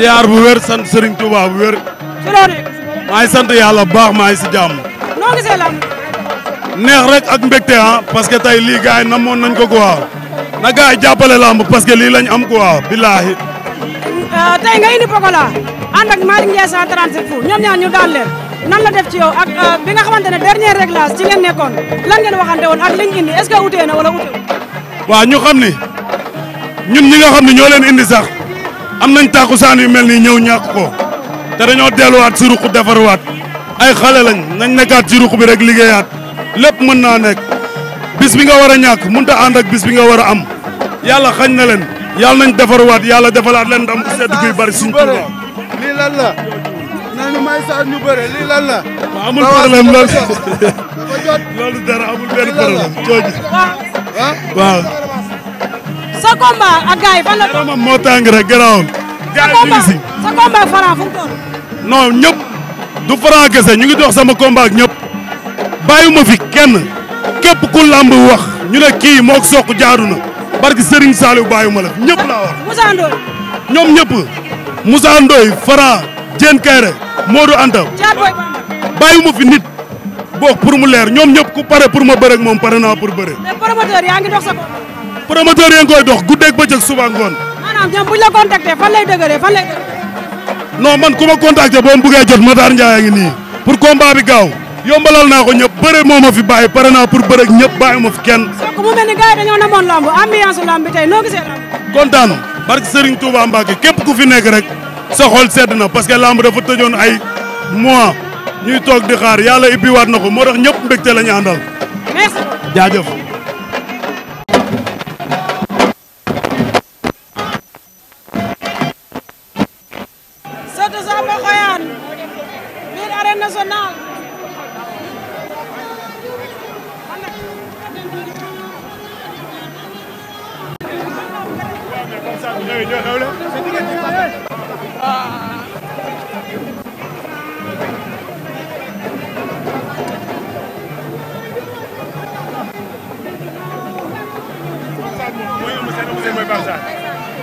siyaar bu wér sant Serigne Touba wér. ci loo nekk. sant yàlla bu baax maa ngi si jàmm. noo gisee lamb. neex rek ak mbégte ah parce que tey lii gars yi namoon nañ ko quoi na gars yi jàppale lamb parce que lii lañ am quoi billaahi. Euh, tey nga indi Pokola ànd ak Malick Ndiaye 137 fu ñoom ñaar ñu daal leen nan la def ci yow ak euh, bi nga xamante ne dernier réglage ci ngeen nekkoon lan ngeen waxante woon ak liñ indi est-ce que utee na ñu xam ni ñun ñi nga xam ni ñoo leen indi am nañ tàkkusaan yu mel nii ñëw ñàkk ko te dañoo delluwaat si ruq defaruwaat ay xale lañ nañ nekkaat ci ruq bi rek liggéeyaat lépp mën naa nekk bis bi nga war a ñàkk mënut a ànd ak bi nga war a am yàlla xañ na leen yàlla nañ defaruwaat yàlla defalaat leen ndam sedd guy bari suñ lii lan la may sa ñu bëre lii lan amul problème dara amul waaw sa combat ak fan la. gërëm moo tàng rek gërëm. ñu ngi si sa combat ak ñëpp du Franc kese ñu ngi dox sama combat ak ñëpp bàyyiwuma fi kenn képp ku làmb wax ñu ne kii moog soq jaadu na barki Serigne Saliou bàyyiwuma la ñëpp laa wax. Moussa Ndoye. ñoom ñëpp Moussa Ndoye Franc Anta. Thiat Boy Bambara. nit. boo pour mu leer ñoom ñëpp ku pare pour ma bëre ak moom pare naa pour bëre. promoteur yaa ngi koy dox guddeeg bëccëg suba ngoon. maanaam ñoom bu ñu la contacter fan lay dëgëree fan man ku ma contacter boo ma bëggee jot Matar Ndiaye a ngi nii pour combat bi gaaw yombalal naa ko ñëpp bëre moo ma fi bàyyi pare naa pour bëre ñëpp bàyyi ma fi kenn. donc mu mel ni gars yi dañoo namoon lamb ambiance lamb noo gisee lamb. kontaan barke Serigne Touba Mbacke képp ku fi nekk rek sa sedd na parce que lamb dafa tëjoon ay moo ñuy toog di xaar yàlla ibbiwaat na ko moo tax ñëpp mbégte la ñu àndal.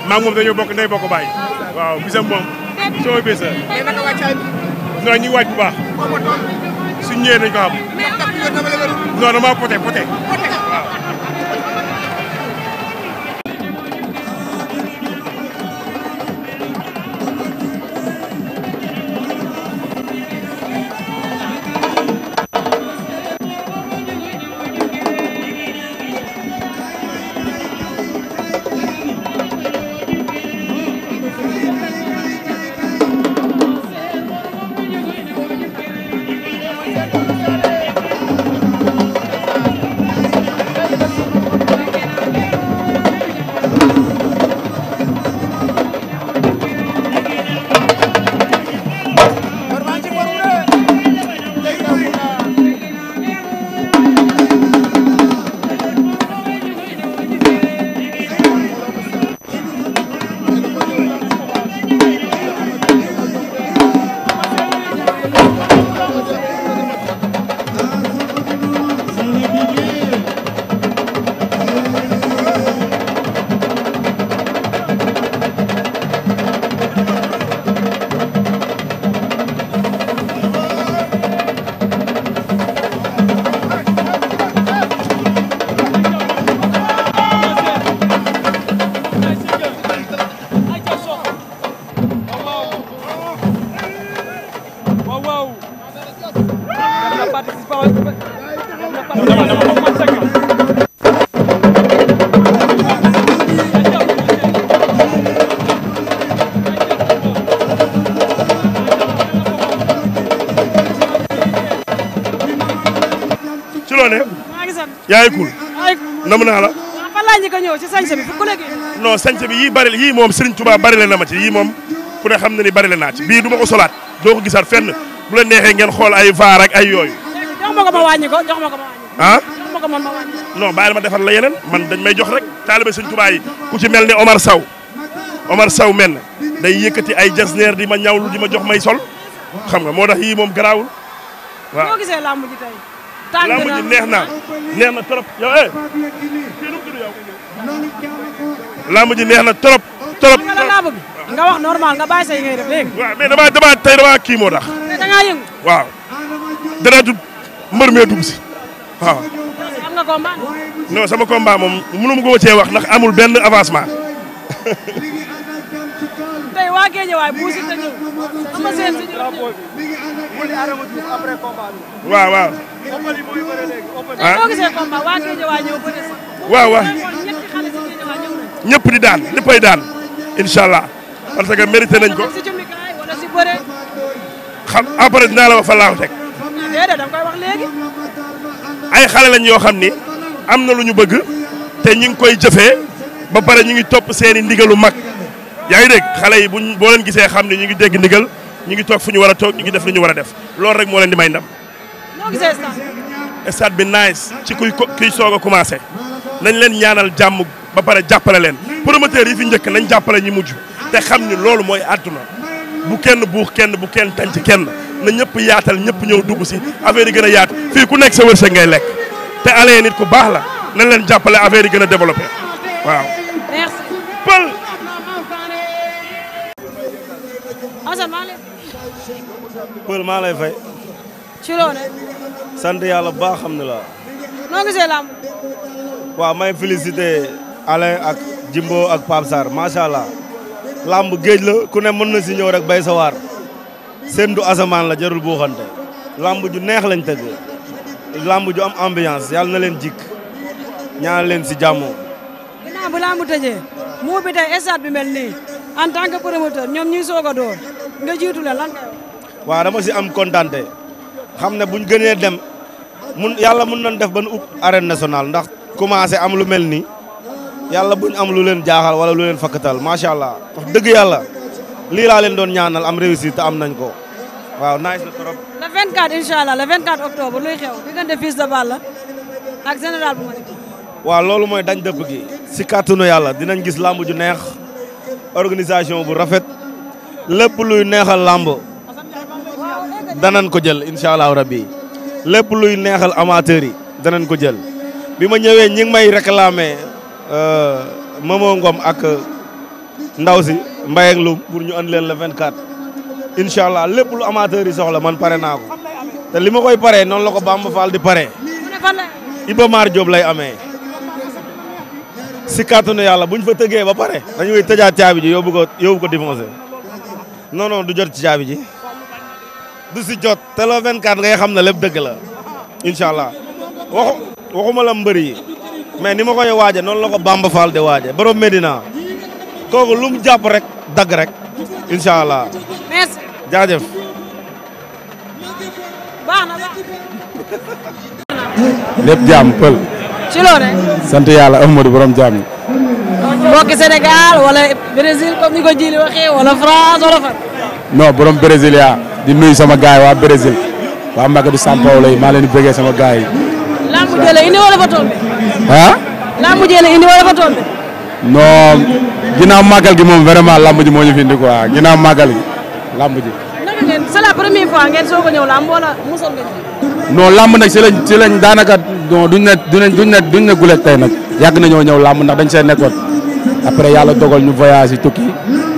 maa moom dañoo bokk ndey bokk baay waaw bisam moom soo bés a. mais naka wàccaay bi. non ñu ngi waaj bu baax. suñ ñëwee nañ ko xam. non damaa poté poté. yaay kul. nam naa la. waaw fan ñëw ci sañse bi fu ko léegi. yii bari yii moom Serigne Touba bari na ma ci yii moom ku ne xam na ni bari naa ci bii du ko solaat doo ko gisaat fenn bu la neexee ngeen xool ay vaar ak ay yooyu. jox ma ko ma man ma wàññi ko. Ah? ma defar la yeneen man dañ may jox rek. taalibe Serigne Touba yi ku ci mel ne Omar saw Omar saw mel day yëkkati ay jesneer di ma ñawlu di ma jox may sol xam nga moo tax yii moom garaawul waaw. tàng na lamb ji neex na neex na trop yow eh. neex na trop. trop nga la lamb bi nga wax normal nga bàyyi say ngay def léegi. waaw mais damaa damaa tey damaa kii moo tax. da ngaa waaw dara du mbër mee dugg si waaw. am nga combat. non sama combat moom mënu ma ko cee wax ndax amul benn avancement. mu ni waaw waaw. Ah. ëppali di daan ñëppay daan incha allah parce que mérité nañ ko. si si bëre. xam après dinaa la wax fa laaw teg. ay xale lañ yoo xam ni am na lu ñu bëgg te ñu ngi koy jëfe ba pare ñu ngi topp seeni i ndigalu mag yaa ngi dégg xale yi buñ boo leen gisee xam ne ñu ngi dégg ndigal ñu ngi toog fu ñu war a toog ñu ngi def lu ñu war a def loolu rek moo leen di may ndam. noo bi nice ci kuy kuy soog a commencé nañ leen ñaanal jàmm ba pare jàppale leen promoteurs yi fi njëkk nañ jàppale ñi mujj te xam ni loolu mooy àdduna bu kenn buux kenn bu kenn tànc kenn na ñëpp yaatal ñëpp ñëw dugg si affaire yi gën a yaatu fii ku nekk sa wërsëg ngay lekk te alee nit ku baax la nañ leen jàppale affaire yi gën a développé waaw. Assane maa ngi lay. maa lay fay. ci loolu. sant yàlla bu baax xam ne noo gisee làmb. waaw may félicité Alain ak Jimbo ak Pape Sarr macha allah. làmb géej la ku ne mën na si ñëw rek bay sa seen du asamaan la jarul buuxante. làmb ju neex lañ tëgg. làmb ju am ambiance yàlla na leen jikk ñaan leen si jàmm. ginnaaw bu làmb tëjee. muu bi tey stade bi mel nii. en tant que promoteur ñoom ñuy soog a door nga jiitu leen lan dama si am kontante xam ne buñ gënee dem mun yàlla mun nañ def ba nu ub arène nationale ndax commencé am lu mel nii yàlla buñ am lu leen jaaxal wala lu leen fakkatal macha dëgg yàlla lii laa leen doon ñaanal am réussite te am nañ ko waaw nice na trop. le 24 incha allah le 24 octobre Balla ak bu ma waaw loolu mooy dañ dëpp gi si yàlla dinañ gis làmb ju neex. organisation bu rafet lépp luy neexal làmb danañ ko jël incha allahu rabbi lépp luy neexal amateurs yi danañ ko jël bi ma ñëwee ñi ngi may réclamer euh, Momo Ngom ak ndaw si Mbaye ak Loum pour ñu andi leen le 24 incha allah lépp lu amateurs yi soxla man pare naa ko te li ma koy paree noonu la ko Bamba di pare Iba Mar Diop lay amee si kàttanu yàlla buñ fa tëggee ba pare dañuy tëjaat caabi ji yóbbu ko yóbbu ko défoncé du jot ci caabi ji du si jot te le 24 ngay xam ne lépp dëgg la incha allah waxu ma la mbër yi mais ni ma koy waaje noonu la ko Bamba Fall di waaje borom Medina kooku lu mu jàpp rek dagg rek incha allah. merci jaajëf. baax na pël. ci loone sant yàlla Ahmadou borom jaam mbokki Sénégal wala Brésil comme ni ko jili waxee wala France wala fan non borom Brésil yaa di nuyu sama gaay waa Brésil waa Magadu São Paulo yi maa leen di bëggee sama gaay yi indi wala fa tombé ah lamb indi wala fa tombé non ginnaaw màggal gi moom vraiment lamb ji moo ñu fi indi quoi màggal gi lamb ji naka ngeen c'est la première fois ngeen soog a ñëw lamb wala mosoon ngeen non làmb nag si lañ daanaka non duñ ne duñ ne duñ ne gulet tey nag yàgg nañoo ñëw làmb ndax dañ see nekkoon après yàlla dogal ñu voyage yi tukki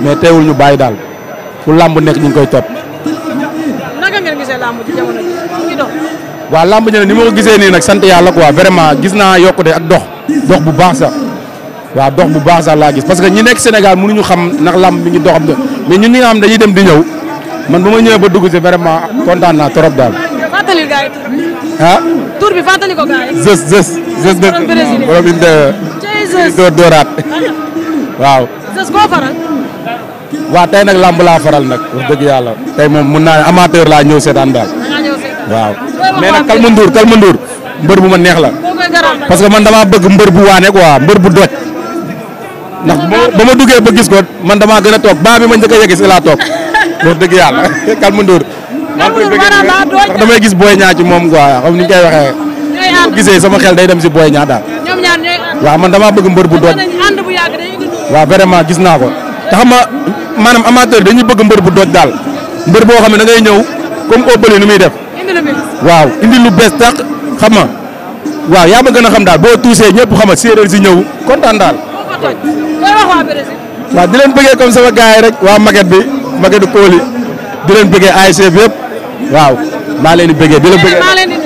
mais teewul ñu bàyyi daal fu làmb nekk ñu ngi koy topp. naka ngeen gisee làmb ci jamono ji dox. waaw làmb ji ni ma ko gisee nii nag sant yàlla quoi vraiment gis naa yokkute ak dox. dox bu baax sax waaw dox bu baax sax laa gis parce que ñi nekk Sénégal ñu xam ndax làmb mi ñu doxam mais ñun ñi nga xam dañuy dem di ñëw man ba ma ñëwee ba dugg si vraiment kontaan trop daal. fàttalil gars bi. ah tur ko gars yi. Zeus Zeus Zeus de. dooraat waaw. Zeus koo faral. waaw tey nag lamb laa faral nag wax dëgg yàlla tey moom mun naa amateur laa ñëw seetaan daal. waaw mais nag Kalma mbër bu ma neex la. parce que man damaa bëgg mbër bu waane quoi mbër bu doj. ndax ba ma duggee ba gis ko man dama gën a toog ba bi ma njëkk a laa toog wax dëgg yàlla Kalma ndax dama gis Boy Niang ci moom quoi xam ni ñu koy waxee. bu gisee xel day dem si Boy Niang daal. waaw man damaa bëgg mbër bu doon. waaw vraiment gis naa ko. te xam nga maanaam amateur dañuy bëgg mbër bu dooj daal mbër boo xam ne da ngay ñëw comme ëppale nu muy def waaw indi lu bees tax xam nga waaw yaa ma gën a xam daal boo tuusee ñëpp xam nga séeréer si ñëw kontaan daal. waaw di leen bëggee comme sama rek waa maget bi magetu kooli di leen bëggee ASC bi waaw maa leen di bëggee di la bëggee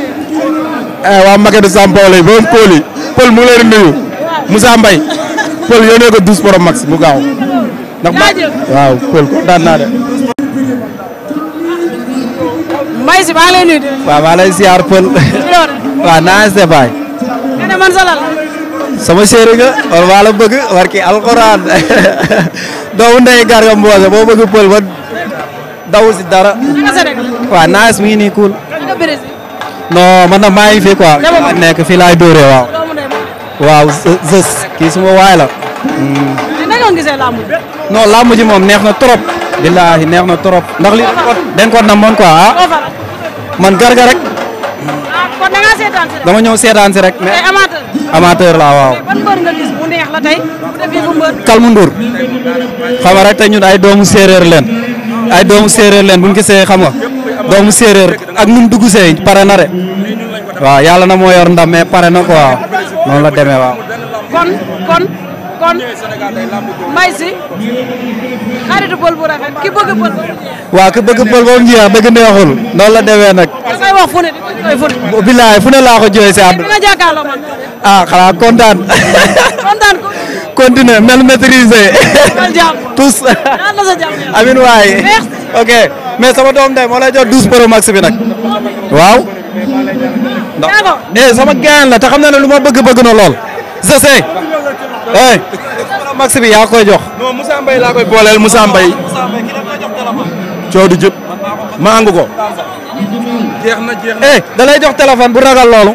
eh, waaw Maguette Sampaoli mu ngi leen di nuyu Moussa Mbaye Paul yónnee ko 12 Pro Max mu gaaw ndax waaw Paul kontaan naa de. Mbaye si maa ngi lay nuyu. waaw maa lay siyaar Paul. waaw naa se baay. nga ne man sa lal. sama chéri wala maa bëgg barki alxuraan doomu ndey Garga Mbossé boo bëgg Paul ba daw si dara. waaw naas mi ngi nii cool. non man nag maa ngi fi quoi. nekk fii laay dóoree waaw. waaw zës kii suma waay la. naka nga gisee moom neex na trop. billaahi neex na trop ndax li dañ ko namoon quoi ah. man garga ah, rek. dama ñëw seetaan si rek. amateur. la waaw. ban mbër nga rek te ñun ay doomu séeréer leen. ay doomu séeréer leen bu ñu gisee xam doomu séeréer ak nu mu dugg see pare na de yàlla na moo yor ndam mais pare na quoi noonu la demee waaw. kon kon kon may si xaritu pël bu rafet ki neexul noonu la demee nag. koy wax fu ne bilaay fu ne laa ko jooy si àdduna ah xanaa kontaan. kontaan ko. continuer mel ok. mais sama doom day moo lay jox douze pro max bi nag waaw. ndax eh, sama gaañ la te xam na ne lu ma bëgg bëgg na lool. je sais. eh. max bi yaa koy jox. non Moussa laa koy booleel Moussa Mbaye. coow di jub. ma ànd ko. jeex na jeex na eh da jox téléphone bu ragal loolu.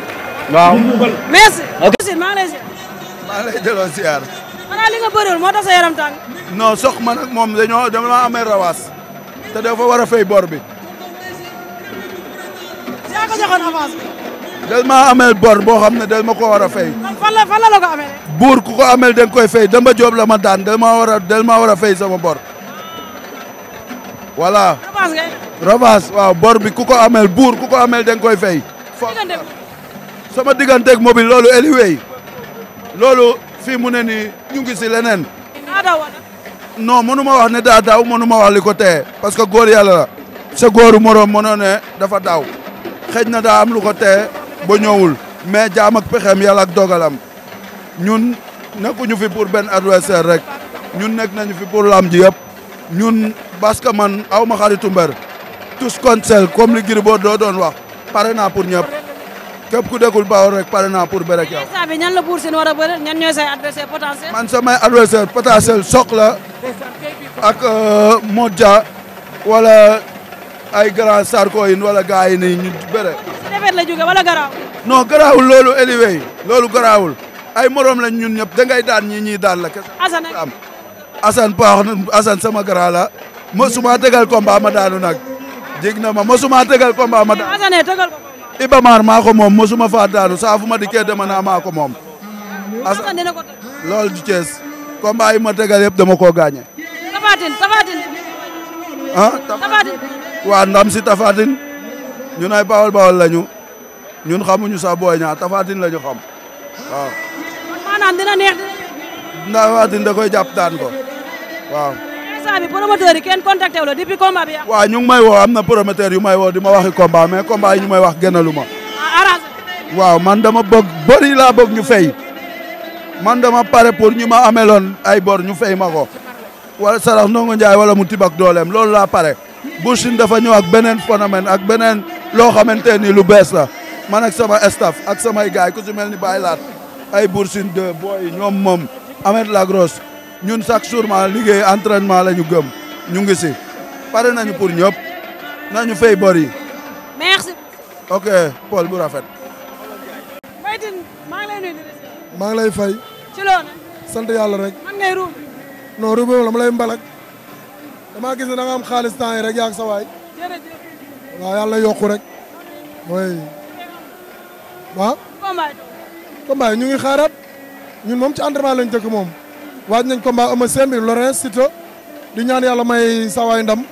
te dafa war a fay bor bi. yaa ko joxoon avance bi. amel bor boo xam ne del ma ko war a fay. ko amee. buur ku ko amel da koy fay dama joob la ma daan del maa war a del war a fay sama bor. voilà. revanche ngay revanche waaw bor bi ku ko amel buur ku ko amel da koy fay. sama digganteeg mobile loolu anyway loolu fii mu ne nii ñu ngi si leneen. non mënu ma wax ne daa daaw mënu ma wax li ko teye parce que góor yàlla la sa góoru moroom mënoo ne dafa daaw xëj na daa am lu ko teye ba ñëwul mais jaam ak pexeem yàlla ak dogalam ñun nekkuñu fi pour benn adversaire rek ñun nekk nañu fi pour lam ji yëpp ñun parce que man aw ma xaritu mbër tous conseil comme li Gris Bordeaux doo doon wax pare naa pour ñëpp képp ku dekkul baaw rek pare naa pour bërek yow. instant ñan la Bour Sine war a ñan ñooy say adversaire potentiel. man la. ak euh, Modja wala ay grand sarko yi wala gars yi nii ñu bëre. defet la non garaawul loolu éliwee loolu garaawul ay morom lañ ñun ñëpp da ngay daan ñi ñuy daan la. Assane am Assane paax Assane sama grand la mosuma tegal combat ma daanu nag jig na ma mosuma tegal combat ma daanu. Assane tegal ko. Ibamar maa ko moom faa daanu saa fu ma dikkee dama naa maa ko moom. Assane loolu du Thiès ma tegal yëpp dama koo gaañe. Ah, waa ndam si Tafatin ñun ay bawal bawal lañu ñun xamuñu sa Boy Niang Tafatin lañu xam waaw. maanaam dina neex dina. Tafatin da koy jàpp daan ko waaw. instant may woo am na promoteur yu may woo di ma waxi combat mais combat ñu may wax gënalu ma. Ah, waaw man dama bëgg bëri laa bëgg ñu fay man dama pare pour ñu ma ameloon ay bor ñu fay ma ko. wala sarax Ndongo Ndiaye wala mu tibak dooleem loolu laa pare Bur Sine dafa ñëw ak beneen phénomène ak beneen loo xamante ni lu bees la man ak sama staff ak samay gaay ku si ni Baye Laat ay Bur Sine de booy ñoom moom Ameth Lagros ñun chaque jour ma liggéey entraînement la ñu gëm ñu ngi si pare nañu pour ñëpp nañu fay bor yi. merci. ok Paul bu rafet. maa ngi lay fay. ci loolu. rek. non Rouga moom dama lay mbalak damaa gis ne da nga am xaalis temps yi rek yaa ngi sa waay waaw yàlla yokku rek mooy waaw. combat ñu ngi xaaraat ñun moom ci entraînement lañ dëkk moom waaj nañ combat Eumeu Sène bi Laurent Siteu di ñaan yàlla may saway ndam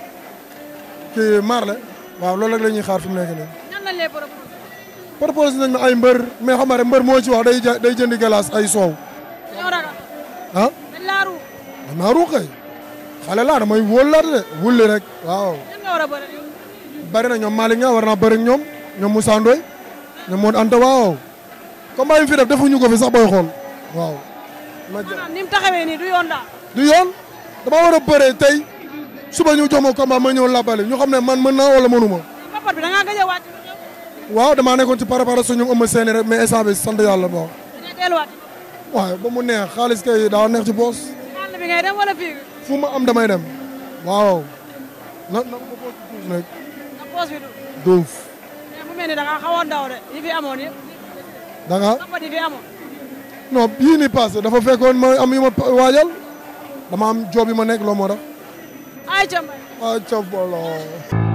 kii Marle waaw loolu rek la ñuy xaar fi mu nekk nii. ñan lañ nañ ay mbër mais xam rek mbër moo ci wax day day jëndi galaas ay soow. xam naa ruuxee xale laa damay wóolaat de wulli rek waaw. bari na ñoom Malick Niang war naa bëri ñoom ñoom Moussa Ndoye ñoom Modou Anta waaw. combat mu fi def defuñu ko fi sax booy xool waaw. ma maanaam ni mu taxawee nii du yoon daal. du yoon dama war a bëree tey suba ñu jox ma combat ma ñëw ñu xam ne man mën naa wala mënu ma. papa bi da ngaa gëj a waat. waaw damaa nekkoon ci préparation ñu ëmb seen rek mais instant bi sant yàlla bu baax. ba mu neex xaalis kay daa neex ci boos. bi damay dem. waaw. na yii ni passé dafa fekkoon ma am yu ma waajal dama am job ma nekk loo moo ay ca